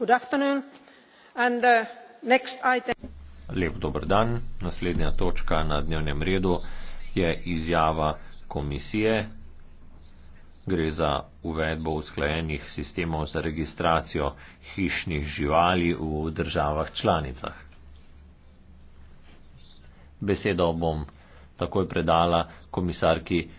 Uh, Lep dober dan. Naslednja točka na dnevnem redu je izjava komisije. Gre za uvedbo usklajenih sistemov za registracijo hišnih živali v državah članicah. Besedo bom takoj predala komisarki